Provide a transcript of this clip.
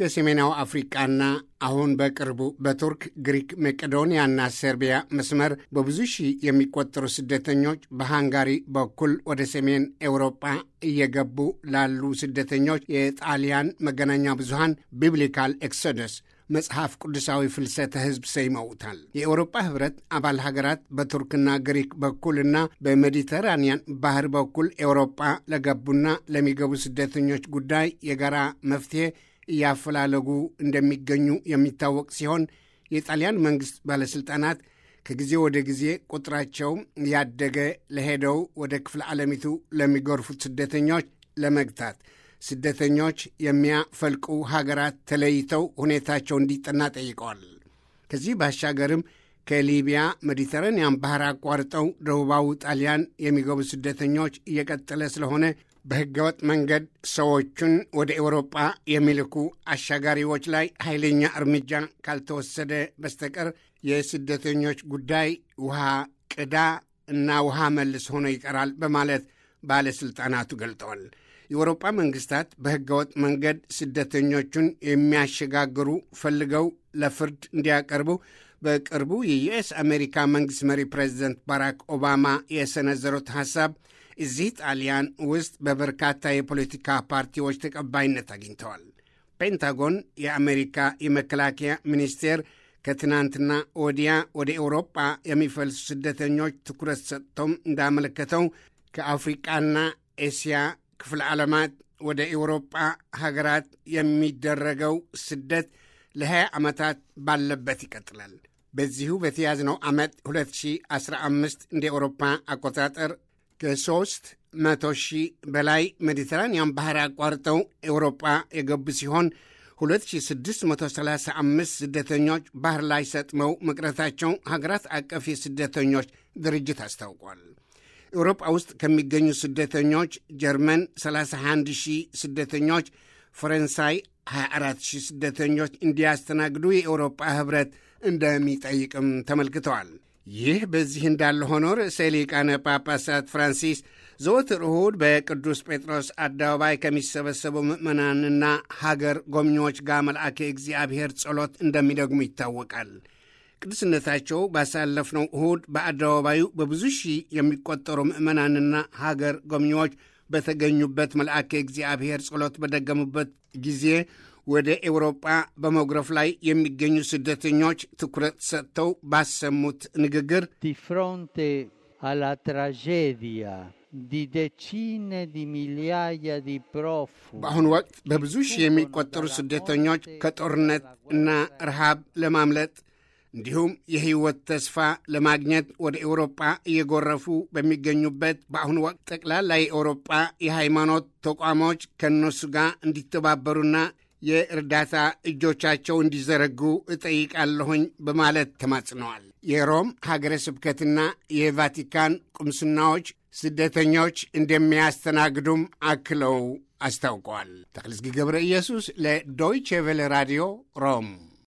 ከሰሜናዊ አፍሪቃና አሁን በቅርቡ በቱርክ ግሪክ፣ መቄዶንያና ሰርቢያ መስመር በብዙ ሺህ የሚቆጠሩ ስደተኞች በሃንጋሪ በኩል ወደ ሰሜን ኤውሮጳ እየገቡ ላሉ ስደተኞች የጣሊያን መገናኛ ብዙሃን ቢብሊካል ኤክሶደስ መጽሐፍ ቅዱሳዊ ፍልሰተ ሕዝብ ሰይመውታል። የአውሮፓ ህብረት አባል ሀገራት በቱርክና ግሪክ በኩልና በሜዲተራንያን ባህር በኩል ኤውሮጳ ለገቡና ለሚገቡ ስደተኞች ጉዳይ የጋራ መፍትሄ እያፈላለጉ እንደሚገኙ የሚታወቅ ሲሆን የጣሊያን መንግሥት ባለሥልጣናት ከጊዜ ወደ ጊዜ ቁጥራቸው ያደገ ለሄደው ወደ ክፍለ ዓለሚቱ ለሚጎርፉት ስደተኞች ለመግታት ስደተኞች የሚያፈልቁ ሀገራት ተለይተው ሁኔታቸው እንዲጠና ጠይቀዋል። ከዚህ ባሻገርም ከሊቢያ ሜዲተራንያን ባህር አቋርጠው ደቡባዊ ጣሊያን የሚገቡ ስደተኞች እየቀጠለ ስለሆነ በሕገወጥ መንገድ ሰዎቹን ወደ ኤውሮጳ የሚልኩ አሻጋሪዎች ላይ ኃይለኛ እርምጃ ካልተወሰደ በስተቀር የስደተኞች ጉዳይ ውሃ ቅዳ እና ውሃ መልስ ሆኖ ይቀራል በማለት ባለሥልጣናቱ ገልጠዋል። የአውሮጳ መንግሥታት በሕገወጥ መንገድ ስደተኞቹን የሚያሸጋግሩ ፈልገው ለፍርድ እንዲያቀርቡ በቅርቡ የዩኤስ አሜሪካ መንግሥት መሪ ፕሬዚደንት ባራክ ኦባማ የሰነዘሩት ሐሳብ እዚህ ጣሊያን ውስጥ በበርካታ የፖለቲካ ፓርቲዎች ተቀባይነት አግኝተዋል። ፔንታጎን የአሜሪካ የመከላከያ ሚኒስቴር ከትናንትና ወዲያ ወደ ኤውሮጳ የሚፈልሱ ስደተኞች ትኩረት ሰጥቶም እንዳመለከተው ከአፍሪቃና ኤስያ ክፍለ ዓለማት ወደ ኤውሮጳ ሀገራት የሚደረገው ስደት ለ20 ዓመታት ባለበት ይቀጥላል። በዚሁ በተያዝነው ዓመት 2015 እንደ ኤውሮፓ አቆጣጠር ከሶስት መቶ ሺህ በላይ ሜዲትራንያን ባህር አቋርጠው ኤውሮጳ የገቡ ሲሆን 2635 ስደተኞች ባህር ላይ ሰጥመው መቅረታቸው ሀገራት አቀፍ የስደተኞች ድርጅት አስታውቋል። ኤውሮጳ ውስጥ ከሚገኙ ስደተኞች ጀርመን 31 ሺህ ስደተኞች፣ ፈረንሳይ 24 ሺህ ስደተኞች እንዲያስተናግዱ የኤውሮጳ ህብረት እንደሚጠይቅም ተመልክተዋል። ይህ በዚህ እንዳለ ሆኖ ርዕሰ ሊቃነ ጳጳሳት ፍራንሲስ ዘወትር እሁድ በቅዱስ ጴጥሮስ አደባባይ ከሚሰበሰቡ ምዕመናንና ሀገር ጎብኚዎች ጋር መልአከ እግዚአብሔር ጸሎት እንደሚደግሙ ይታወቃል። ቅዱስነታቸው ባሳለፍነው እሁድ በአደባባዩ በብዙ ሺህ የሚቆጠሩ ምዕመናንና ሀገር ጎብኚዎች በተገኙበት መልአከ እግዚአብሔር ጸሎት በደገሙበት ጊዜ ወደ ኤውሮጳ በመጉረፍ ላይ የሚገኙ ስደተኞች ትኩረት ሰጥተው ባሰሙት ንግግር ዲ ፍሮንቴ አላ በአሁኑ ወቅት በብዙ ሺህ የሚቆጠሩ ስደተኞች ከጦርነት እና ረሃብ ለማምለጥ እንዲሁም የሕይወት ተስፋ ለማግኘት ወደ ኤውሮጳ እየጎረፉ በሚገኙበት በአሁኑ ወቅት ጠቅላላ የኤውሮጳ የሃይማኖት ተቋሞች ከእነሱ ጋር እንዲተባበሩና የእርዳታ እጆቻቸው እንዲዘረጉ እጠይቃለሁኝ በማለት ተማጽነዋል። የሮም ሀገረ ስብከትና የቫቲካን ቁምስናዎች ስደተኞች እንደሚያስተናግዱም አክለው አስታውቀዋል። ተክልስጊ ገብረ ኢየሱስ ለዶይቼ ቬለ ራዲዮ ሮም